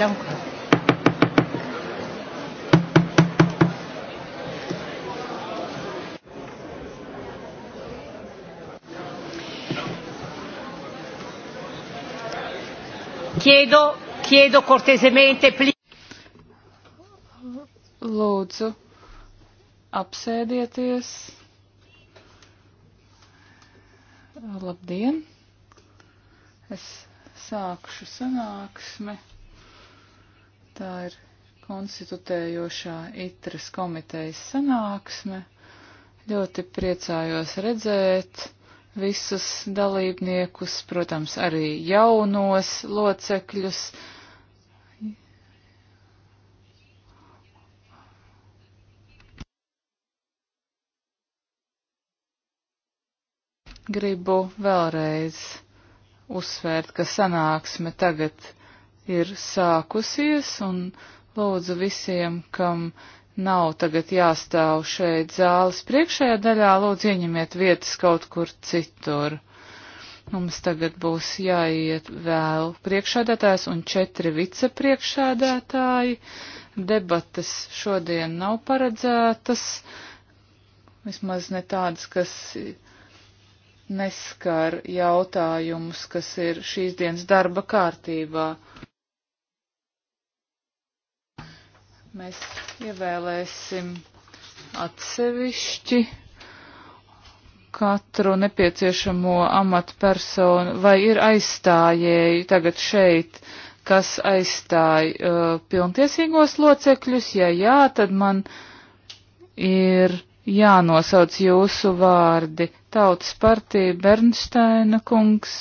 Danke. Chiedo, chiedo cortesemente, Lūdzu, apsēdieties. Labdien! Es sākšu sanāksmi. Tā ir konstitutējošā itras komitejas sanāksme. Ļoti priecājos redzēt visus dalībniekus, protams, arī jaunos locekļus. Gribu vēlreiz uzsvērt, ka sanāksme tagad ir sākusies un lūdzu visiem, kam nav tagad jāstāv šeit zāles priekšējā daļā, lūdzu ieņemiet vietas kaut kur citur. Mums tagad būs jāiet vēl priekšādātājs un četri vicepriekšādātāji. Debatas šodien nav paredzētas, vismaz ne tādas, kas neskar jautājumus, kas ir šīs dienas darba kārtībā. Mēs ievēlēsim atsevišķi katru nepieciešamo amatpersonu, vai ir aizstājēji tagad šeit, kas aizstāja uh, pilntiesīgos locekļus. Ja jā, tad man ir jānosauc jūsu vārdi. Tautas partija Bernsteina kungs,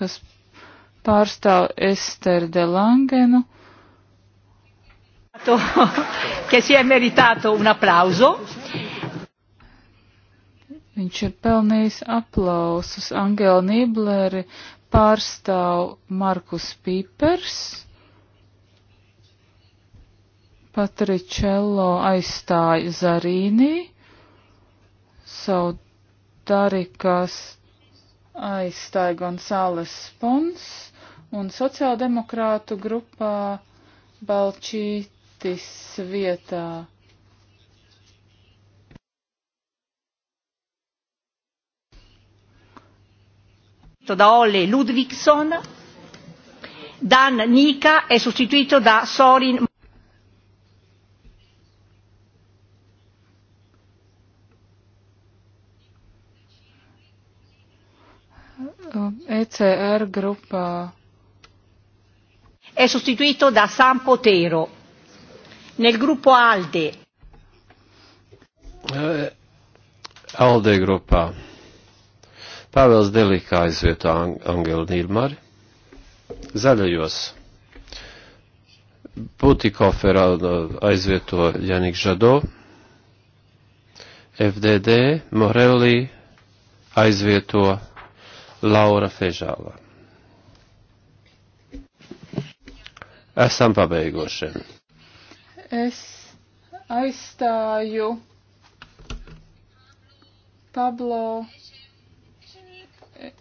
kas pārstāv Ester de Langenu. che si è meritato un applauso. Viņš ir pelnījis aplausus. Angela Nībleri pārstāv Markus Pīpers. Patričello aizstāja Zarīnī. Savu Darikas aizstāja Gonzāles Spons. Un sociāldemokrātu grupā Balčī Haitis vietā. da Olle Ludvigson, Dan Nika è sostituito da Sorin. ECR gruppa è sostituito da San Potero. Nel gruppo Alde. Eh, Alde grupā. Pāvils Delikā aizvietā Angelu Nīlmari. Zaļajos. Putikofera eh, aizvieto Janik Žado. FDD Morelli aizvieto Laura Fežāla. Esam pabeiguši. Es aizstāju Pablo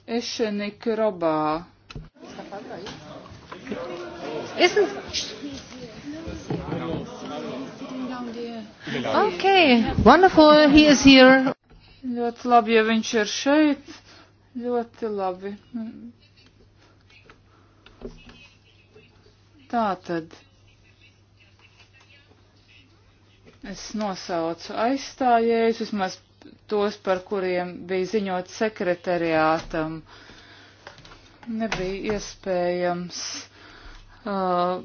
Ešenik Robā. Isn't Okay, wonderful, he is here. Ļoti labi, ja viņš ir šeit. Ļoti labi. Tā tad. Es nosaucu aizstājējus, vismaz tos, par kuriem bija ziņot sekretariātam. Nebija iespējams uh,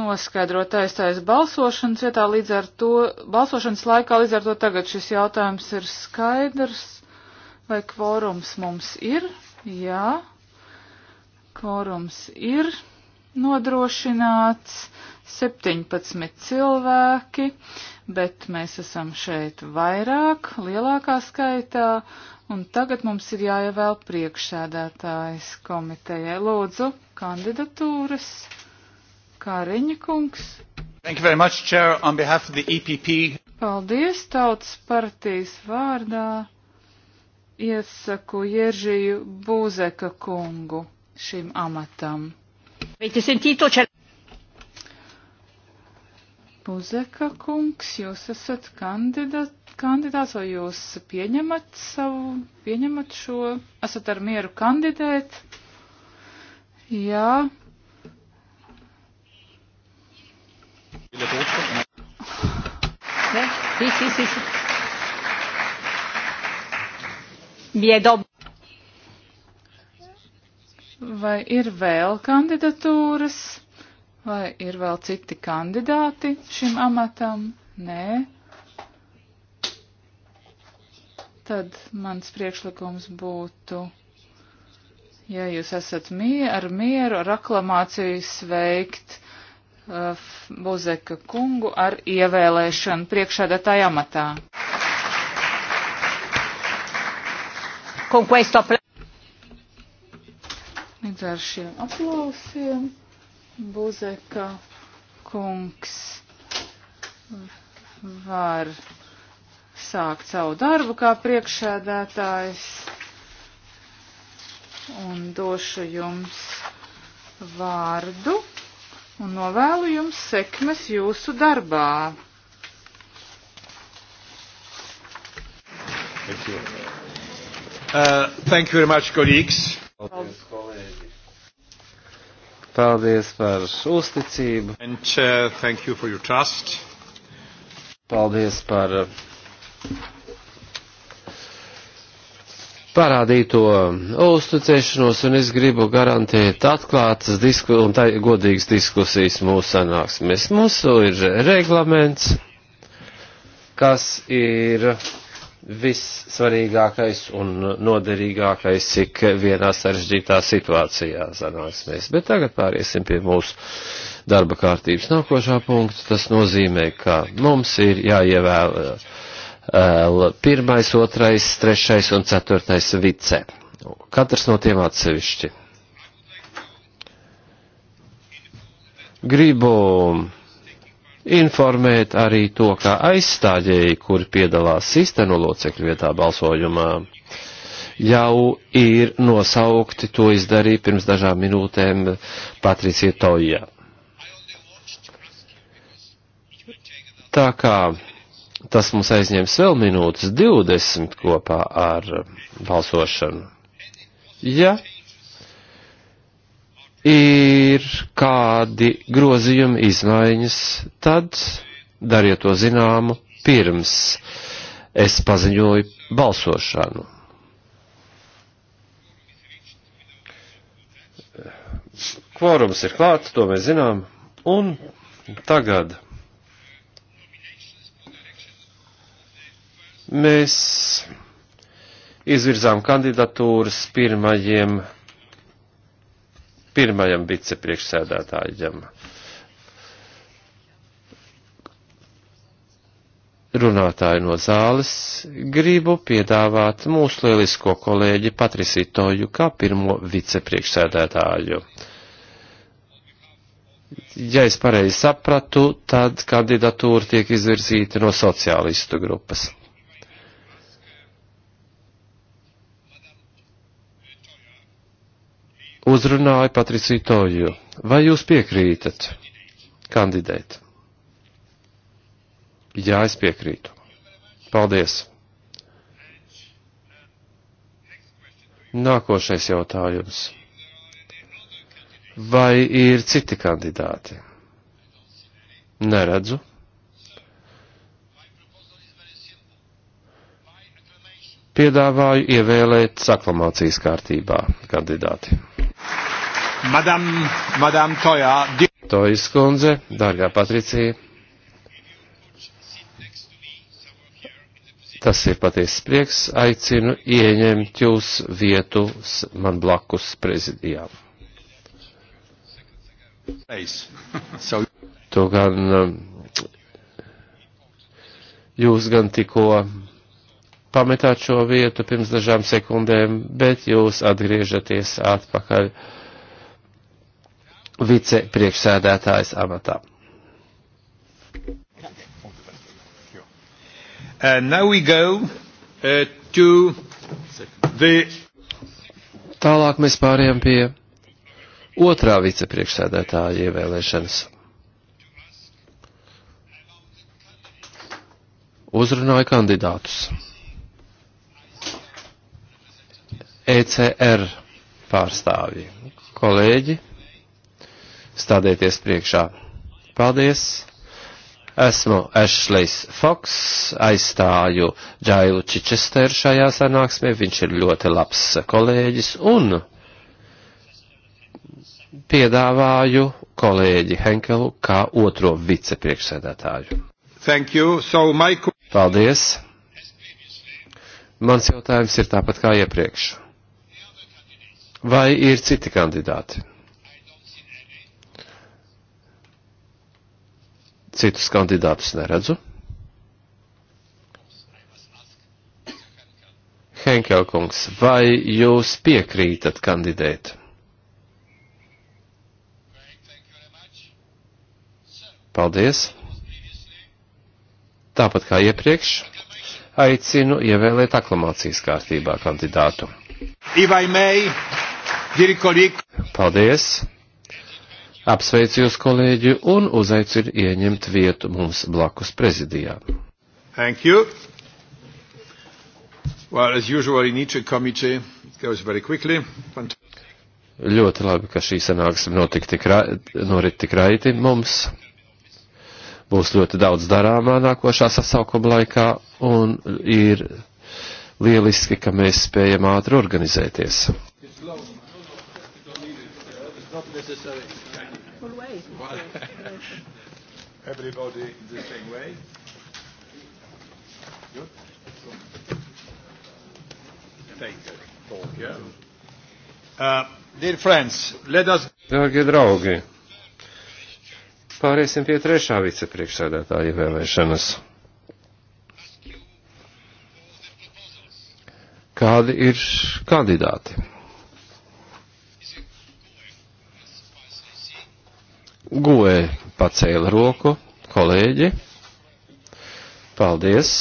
noskaidrot aizstājas balsošanas vietā, līdz ar to, balsošanas laikā, līdz ar to tagad šis jautājums ir skaidrs, vai kvorums mums ir. Jā, kvorums ir nodrošināts. 17 cilvēki, bet mēs esam šeit vairāk, lielākā skaitā, un tagad mums ir jāievēl priekšsēdētājs komitejai. Lūdzu, kandidatūras. Kāriņa kungs. Thank you very much, Chair, on behalf of the EPP. Paldies tautas partijas vārdā. Iesaku Jeržiju Būzeka kungu šim amatam. Avete sentito, c'è Puzeka kungs, jūs esat kandidāts, kandidāts vai jūs pieņemat savu, pieņemat šo, esat ar mieru kandidēt? Jā. Ne, si, si, si. Biedob. Vai ir vēl kandidatūras? Vai ir vēl citi kandidāti šim amatam? Nē. Tad mans priekšlikums būtu, ja jūs esat mier, ar mieru, ar aklamāciju sveikt uh, Bozeka kungu ar ievēlēšanu priekšādātāja amatā. Līdz ar šiem aplausiem. Buzeka kungs var sākt savu darbu kā priekšsēdētājs un došu jums vārdu un novēlu jums sekmes jūsu darbā. Thank you. Uh, thank you very much, colleagues. Paldies. Paldies par uzticību. And, uh, thank you for your trust. Paldies par eh, parādīto uzticēšanos, un es gribu garantēt atklātas disku, un tā, godīgas diskusijas mūsu sanāksmēs. Mūsu ir reglaments, kas ir vissvarīgākais un noderīgākais ik vienā sarežģītā situācijā sanāksmēs. Bet tagad pāriesim pie mūsu darba kārtības nākošā punkta. Tas nozīmē, ka mums ir jāievēl uh, pirmais, otrais, trešais un ceturtais vice. Katrs no tiem atsevišķi. Gribu informēt arī to, kā aizstāģēji, kuri piedalās sistēnu locekļu vietā balsojumā, jau ir nosaukti, to izdarīja pirms dažām minūtēm Patricija Toja. Tā kā tas mums aizņems vēl minūtes 20 kopā ar balsošanu. Ja ir kādi grozījumi, izmaiņas, tad dariet to zināmu pirms es paziņoju balsošanu. Kvorums ir klāts, to mēs zinām, un tagad mēs izvirzām kandidatūras pirmajiem pirmajam vicepriekšsēdētājam. Runātāju no zāles gribu piedāvāt mūsu lielisko kolēģi Patrisitoju kā pirmo vicepriekšsēdētāju. Ja es pareizi sapratu, tad kandidatūra tiek izvirzīta no sociālistu grupas. uzrunāja Patriciju Toju. Vai jūs piekrītat kandidēt? Jā, es piekrītu. Paldies. Nākošais jautājums. Vai ir citi kandidāti? Neredzu. Piedāvāju ievēlēt saklamācijas kārtībā kandidāti. Madam, Madam Toja. Tojas kundze, dārgā Patricija. Tas ir patiesi prieks. Aicinu ieņemt jūs vietu man blakus prezidijām. To gan um, jūs gan tikko pametāt šo vietu pirms dažām sekundēm, bet jūs atgriežaties atpakaļ vicepriekšsēdētājas amatā. Uh, now we go uh, to the... Tālāk mēs pārējām pie otrā vicepriekšsēdētāja ievēlēšanas. Uzrunāja kandidātus. ECR pārstāvji, kolēģi stādēties priekšā. Paldies! Esmu Ešlejs Foks, aizstāju Džailu Čičesteru šajā sanāksmē, viņš ir ļoti labs kolēģis un piedāvāju kolēģi Henkelu kā otro vicepriekšsēdētāju. Thank you. So my... Paldies. Mans jautājums ir tāpat kā iepriekš. Vai ir citi kandidāti? Citus kandidātus neredzu. Henkelkungs, vai jūs piekrītat kandidēt? Paldies! Tāpat kā iepriekš, aicinu ievēlēt aklamācijas kārtībā kandidātu. May, Paldies! Apsveicu jūs, kolēģi, un uzaicinu ieņemt vietu mums blakus prezidijā. Thank you. Well, as usual, in each committee, it goes very quickly. Fant Ļoti labi, ka šī sanāksme notika tik, ra norit tik raiti mums. Būs ļoti daudz darāmā nākošā sasaukuma laikā, un ir lieliski, ka mēs spējam ātri organizēties. Mrs. Sarek. Full way. Everybody the same way. Good. Take a talk, yeah. Uh, dear friends, let us... Dārgie draugi, pāriesim pie trešā vicepriekšsēdētāja ievēlēšanas. Kādi ir kandidāti? Goe pacēla roku, kolēģi. Paldies.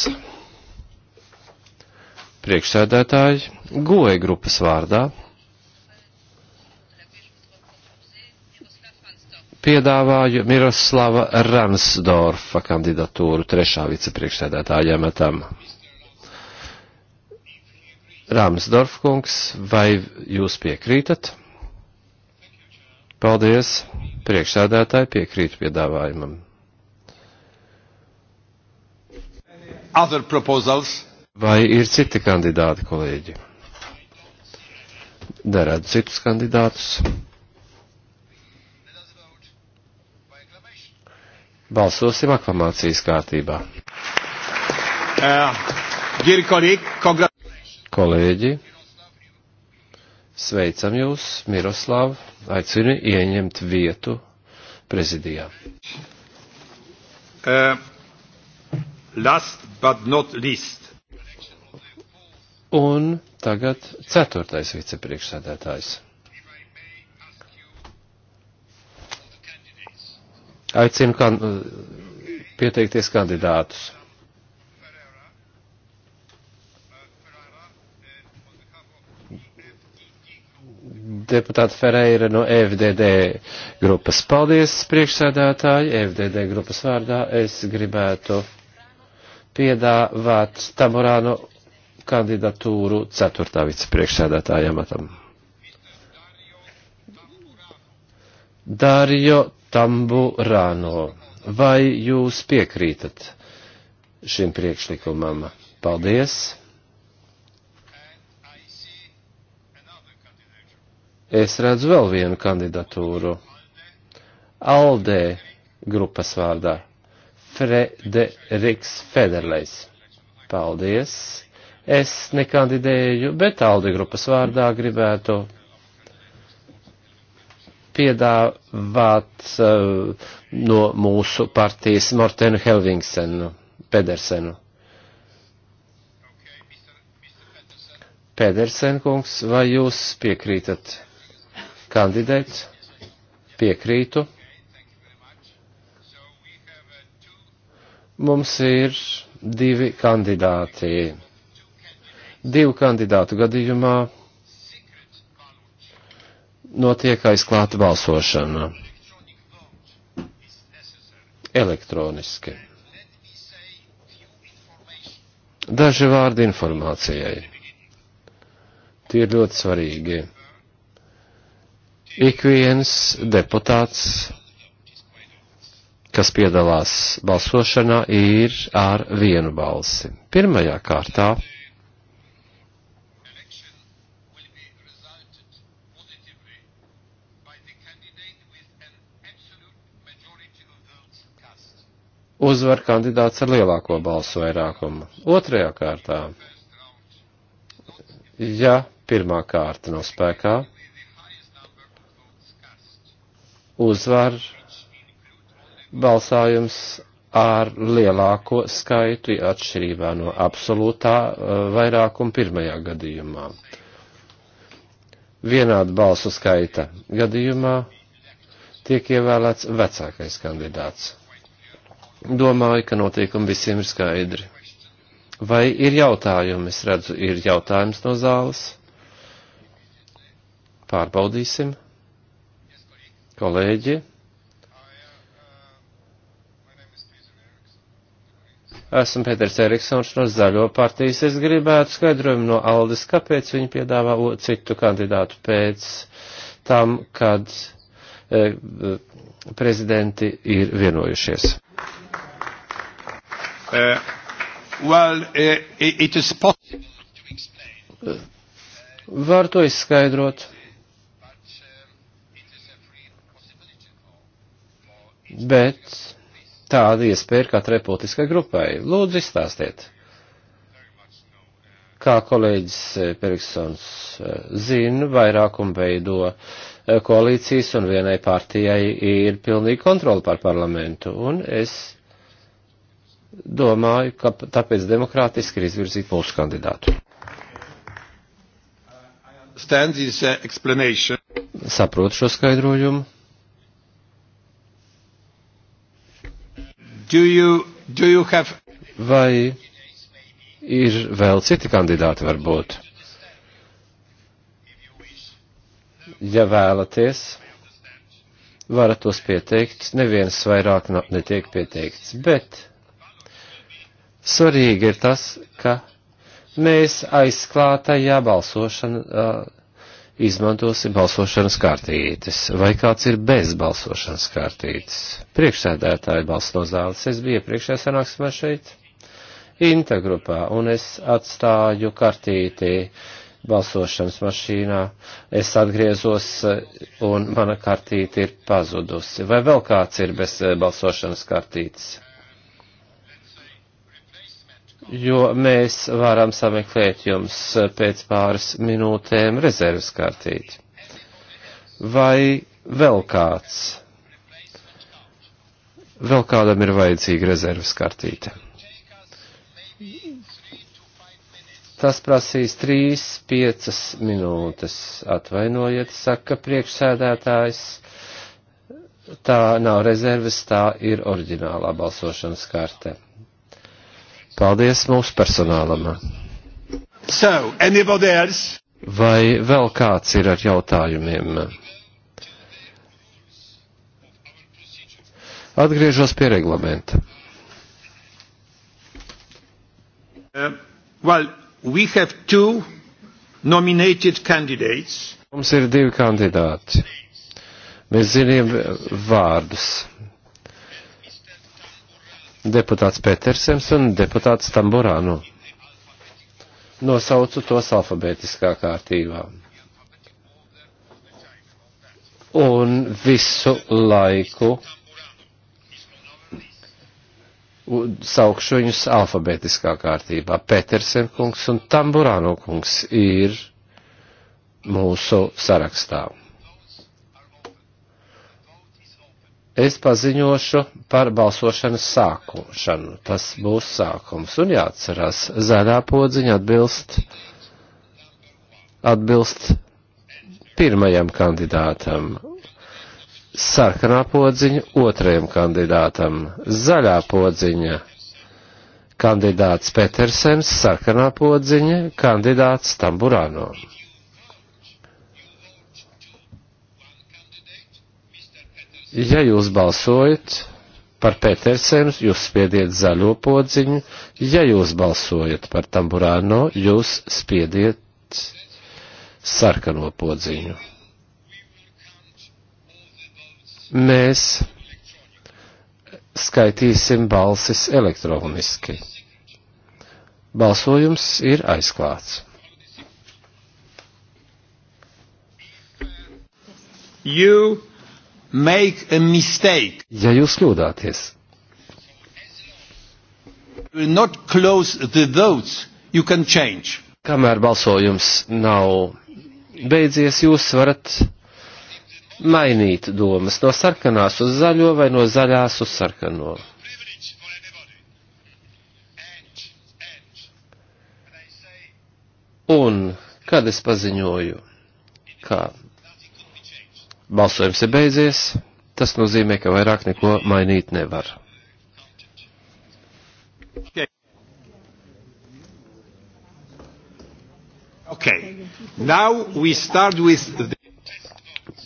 Priekšsēdētāji, Goe grupas vārdā. Piedāvāju Miroslava Ransdorfa kandidatūru trešā vicepriekšsēdētāja amatam. Ramsdorf kungs, vai jūs piekrītat? Paldies! Priekšsēdētāji piekrīt piedāvājumam. Vai ir citi kandidāti, kolēģi? Darētu citus kandidātus. Balsosim aklamācijas kārtībā. Uh, kolēģi, Sveicam jūs, Miroslav, aicinu ieņemt vietu prezidijā. Uh, last but not least. Un tagad ceturtais vicepriekšsēdētājs. Aicinu kan uh, pieteikties kandidātus. deputāta Ferreira no FDD grupas. Paldies, priekšsēdētāji, FDD grupas vārdā. Es gribētu piedāvāt Tamurāno kandidatūru ceturtā vicepriekšsēdētāja amatam. Dario Tamburāno, vai jūs piekrītat šim priekšlikumam? Paldies! Es redzu vēl vienu kandidatūru. Aldē grupas vārdā. Frederiks Federlejs. Paldies. Es nekandidēju, bet Alde grupas vārdā gribētu piedāvāt uh, no mūsu partijas Mortenu Helvingsenu, Pedersenu. Pedersen kungs, vai jūs piekrītat? kandidēts. Piekrītu. Mums ir divi kandidāti. Divu kandidātu gadījumā notiek aizklāta balsošana elektroniski. Daži vārdi informācijai. Tie ir ļoti svarīgi ik viens deputāts, kas piedalās balsošanā, ir ar vienu balsi. Pirmajā kārtā uzvar kandidāts ar lielāko balsu vairākumu. Otrajā kārtā, ja pirmā kārta nav spēkā, uzvar balsājums ar lielāko skaitu atšķirībā no absolūtā eh, vairākuma pirmajā gadījumā. Vienāda balsu skaita gadījumā tiek ievēlēts vecākais kandidāts. Domāju, ka notiekumi visiem ir skaidri. Vai ir jautājumi? Es redzu, ir jautājums no zāles. Pārbaudīsim kolēģi. Esmu Pēters Eriksons no Zaļo partijas. Es gribētu skaidrojumu no Aldis, kāpēc viņi piedāvā citu kandidātu pēc tam, kad e, prezidenti ir vienojušies. Uh, well, uh, it is possible. Var to izskaidrot? bet tāda iespēja ir katrai politiskai grupai. Lūdzu, izstāstiet. Kā kolēģis eh, Periksons eh, zina, vairākumu veido eh, koalīcijas un vienai partijai ir pilnīga kontrola pār parlamentu. Un es domāju, ka tāpēc demokrātiski ir izvirzīt mūsu kandidātu. Saprotu šo skaidrojumu. Do you, do you have... Vai ir vēl citi kandidāti varbūt? Ja vēlaties, varat tos pieteikt. Neviens vairāk netiek pieteikts, bet svarīgi ir tas, ka mēs aizklātajā balsošanā izmantosim balsošanas kārtītes, vai kāds ir bez balsošanas kārtītes. Priekšsēdētāji balsts no zāles, es biju priekšējā sanāksmē šeit, Inta grupā, un es atstāju kartīti balsošanas mašīnā, es atgriezos un mana kartīte ir pazudusi. Vai vēl kāds ir bez balsošanas kartītes? jo mēs varam sameklēt jums pēc pāris minūtēm rezerves kārtīti. Vai vēl kāds? Vēl kādam ir vajadzīga rezerves kartīte. Tas prasīs 3-5 minūtes. Atvainojiet, saka priekšsēdētājs. Tā nav rezerves, tā ir oriģinālā balsošanas karte. Paldies mūsu personālam. So, Vai vēl kāds ir ar jautājumiem? Atgriežos pie reglamenta. Uh, well, we have two nominated candidates. Mums ir divi kandidāti. Mēs zinām vārdus deputāts Petersens un deputāts Tamburānu. Nosaucu tos alfabētiskā kārtībā. Un visu laiku saukšu viņus alfabētiskā kārtībā. Petersen kungs un Tamburāno kungs ir mūsu sarakstā. es paziņošu par balsošanas sākušanu. Tas būs sākums. Un jāatcerās, zaļā podziņa atbilst, atbilst pirmajam kandidātam. Sarkanā podziņa otrajam kandidātam. Zaļā podziņa kandidāts Petersens, sarkanā podziņa kandidāts Tamburāno. Ja jūs balsojat par Petersenu, jūs spiediet zaļo podziņu, ja jūs balsojat par Tamburāno, jūs spiediet sarkano podziņu. Mēs skaitīsim balsis elektroniski. Balsojums ir aizklāts. You make a mistake. Ja jūs kļūdāties. You will not close the votes, you can change. Kamēr balsojums nav beidzies, jūs varat mainīt domas no sarkanās uz zaļo vai no zaļās uz sarkano. Un kad es paziņoju, ka Balsojums ir beidzies. Tas nozīmē, ka vairāk neko mainīt nevar. Okay. Now we start with the...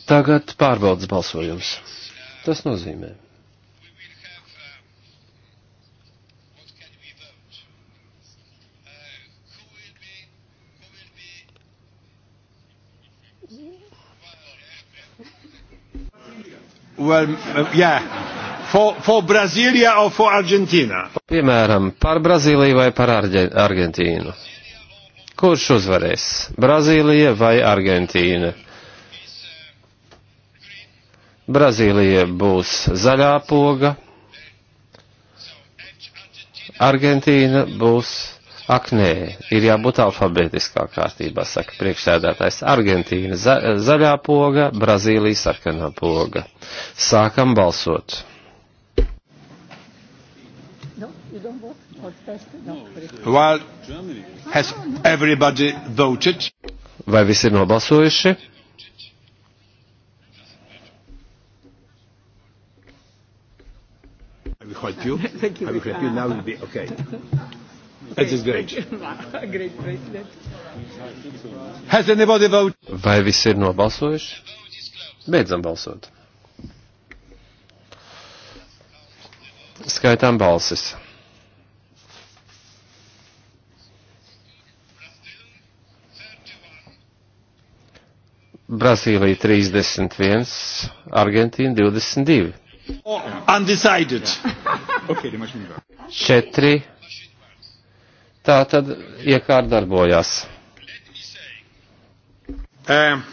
Tagad pārbaudas balsojums. Tas nozīmē. Well, uh, yeah. for, for Brazīlija or for Argentina? Piemēram, par Brazīliju vai par Arge Argentīnu. Kurš uzvarēs? Brazīlija vai Argentīna? Brazīlija būs zaļā poga, Argentīna būs Ak, nē, ir jābūt alfabētiskā kārtībā, saka priekšsēdētājs. Argentīna za, zaļā poga, Brazīlija sarkanā poga. Sākam balsot. No, oh, well, has everybody voted? Vai visi ir nobalsojuši? I will help you. Thank you. I will help you. Now will be okay. It is great. Has anybody voted? Vai visi ir nobalsojuši? Beidzam balsot. Skaitām balsis. Brazīlija 31, Argentīna 22. Undecided. 4 Tā tad iekārt darbojās. Um,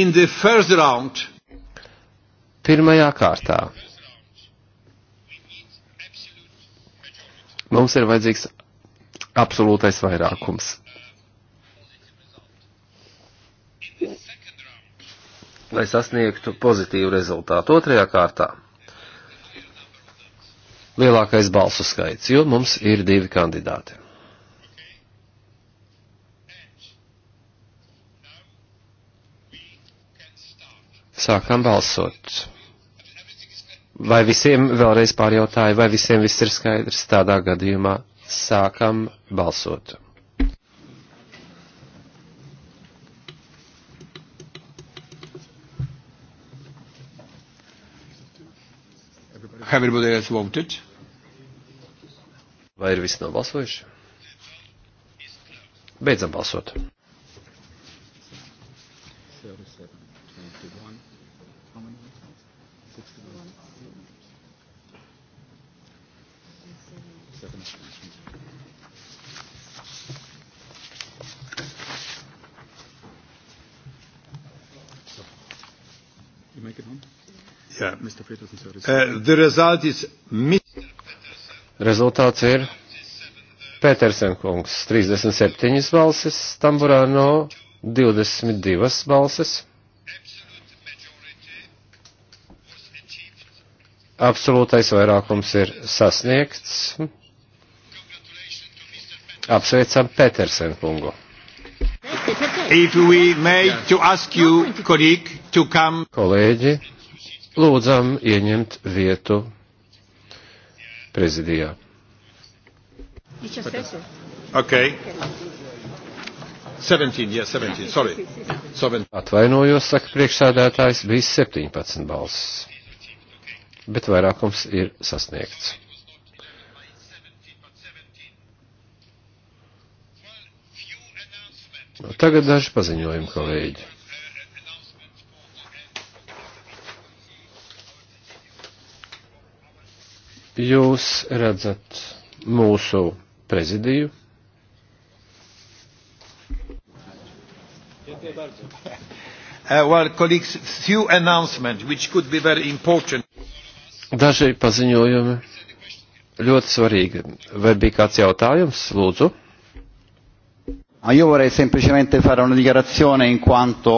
in the first round. Pirmajā kārtā. Mums ir vajadzīgs absolūtais vairākums. Lai sasniegtu pozitīvu rezultātu otrajā kārtā lielākais balsu skaits, jo mums ir divi kandidāti. Sākam balsot. Vai visiem vēlreiz pārjautāju, vai visiem viss ir skaidrs? Tādā gadījumā sākam balsot. Everybody has voted. Vai ir visi nobalsojuši? Beidzam balsot. Yeah. Mr. Peterson, sorry. Uh, the result is Rezultāts ir Pētersen kungs 37 balsis, Tamburāno 22 balsis. Absolūtais vairākums ir sasniegts. Apsveicam Pētersen kungu. You, colleague, Kolēģi, lūdzam ieņemt vietu prezidijā. Okay. 17, yeah, 17, sorry. 17. Atvainojos, saka priekšsēdētājs, bija 17 balsis, bet vairākums ir sasniegts. Nu, tagad daži paziņojumi, kolēģi. Jūs redzat mūsu prezidiju. Uh, well, colleagues, few announcements which could be very important. Daži paziņojumi ļoti svarīgi. Vai bija kāds jautājums? Lūdzu. Io vorrei semplicemente fare una dichiarazione in quanto.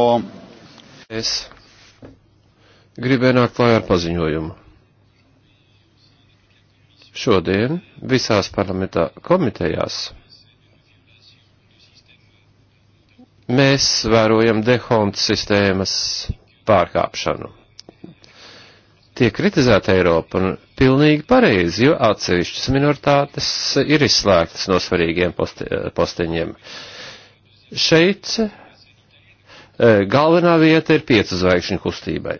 Es gribēju nākt klājā ar paziņojumu šodien visās parlamentā komitejās mēs vērojam dehonta sistēmas pārkāpšanu. Tiek kritizēta Eiropa un pilnīgi pareizi, jo atsevišķas minoritātes ir izslēgtas no svarīgiem poste, posteņiem. Šeit eh, galvenā vieta ir piecu zvaigžņu kustībai.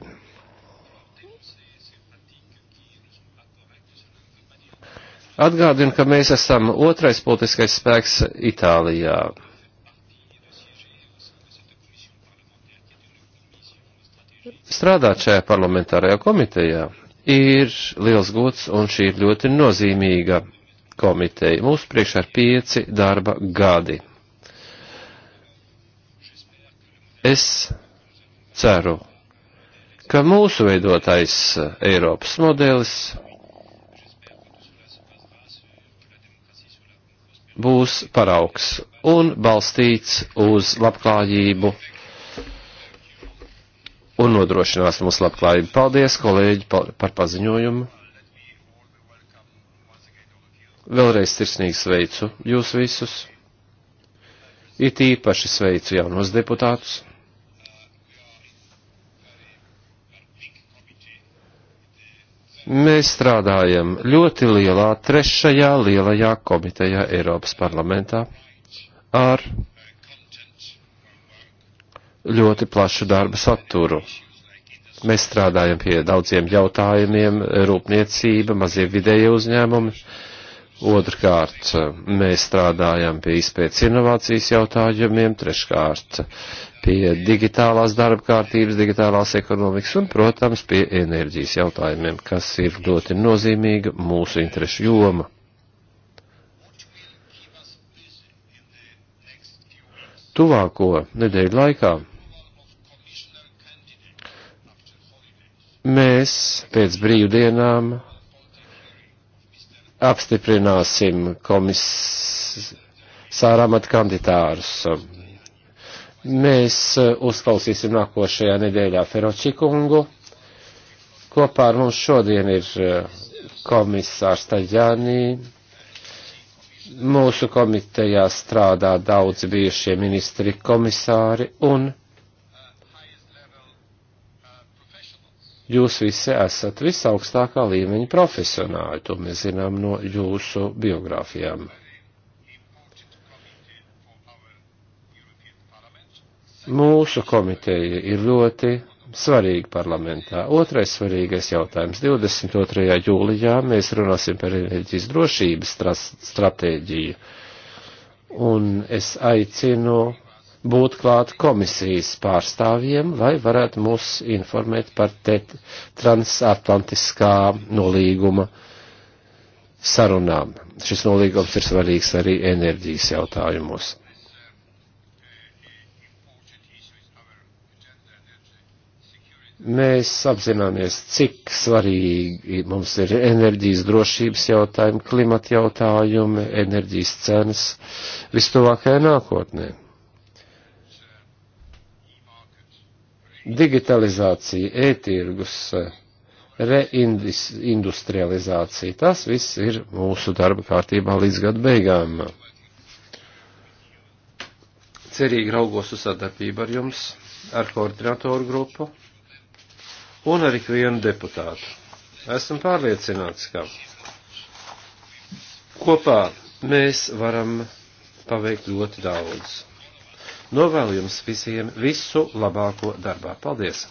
Atgādinu, ka mēs esam otrais politiskais spēks Itālijā. Strādāt šajā parlamentārajā komitejā ir liels gods un šī ir ļoti nozīmīga komiteja. Mūsu priekšā ir pieci darba gadi. Es ceru, ka mūsu veidotais Eiropas modelis būs paraugs un balstīts uz labklājību un nodrošinās mums labklājību. Paldies, kolēģi, par paziņojumu. Vēlreiz sirsnīgi sveicu jūs visus. It īpaši sveicu jaunos deputātus. Mēs strādājam ļoti lielā, trešajā lielajā komitejā Eiropas parlamentā ar ļoti plašu darba saturu. Mēs strādājam pie daudziem jautājumiem - rūpniecība, mazie vidējie uzņēmumi. Otrkārt, mēs strādājam pie izpētes inovācijas jautājumiem. Treškārt, pie digitālās darba kārtības, digitālās ekonomikas un, protams, pie enerģijas jautājumiem, kas ir ļoti nozīmīga mūsu interešu joma. Tuvāko nedēļu laikā mēs pēc brīvdienām apstiprināsim komisāra amata kandidātus Mēs eh, uzklausīsim nākošajā nedēļā Feročikungu. Kopā ar mums šodien ir eh, komisārs Taģānī. Mūsu komitejā strādā daudzi bijušie ministri komisāri un jūs visi esat visaugstākā līmeņa profesionāļi, to mēs zinām no jūsu biogrāfijām. mūsu komiteja ir ļoti svarīga parlamentā. Otrais svarīgais jautājums. 22. jūlijā mēs runāsim par enerģijas drošības stratēģiju. Un es aicinu būt klāt komisijas pārstāvjiem, lai varētu mūs informēt par transatlantiskā nolīguma sarunām. Šis nolīgums ir svarīgs arī enerģijas jautājumos. Mēs apzināmies, cik svarīgi mums ir enerģijas drošības jautājumi, klimata jautājumi, enerģijas cenas vistuvākajā nākotnē. Digitalizācija, ētirgus, reindustrializācija, tas viss ir mūsu darba kārtībā līdz gada beigām. Cerīgi raugos uz sadarbību ar jums, ar koordinatoru grupu un ar ikvienu deputātu. Esmu pārliecināts, ka kopā mēs varam paveikt ļoti daudz. Novēlu jums visiem visu labāko darbā. Paldies!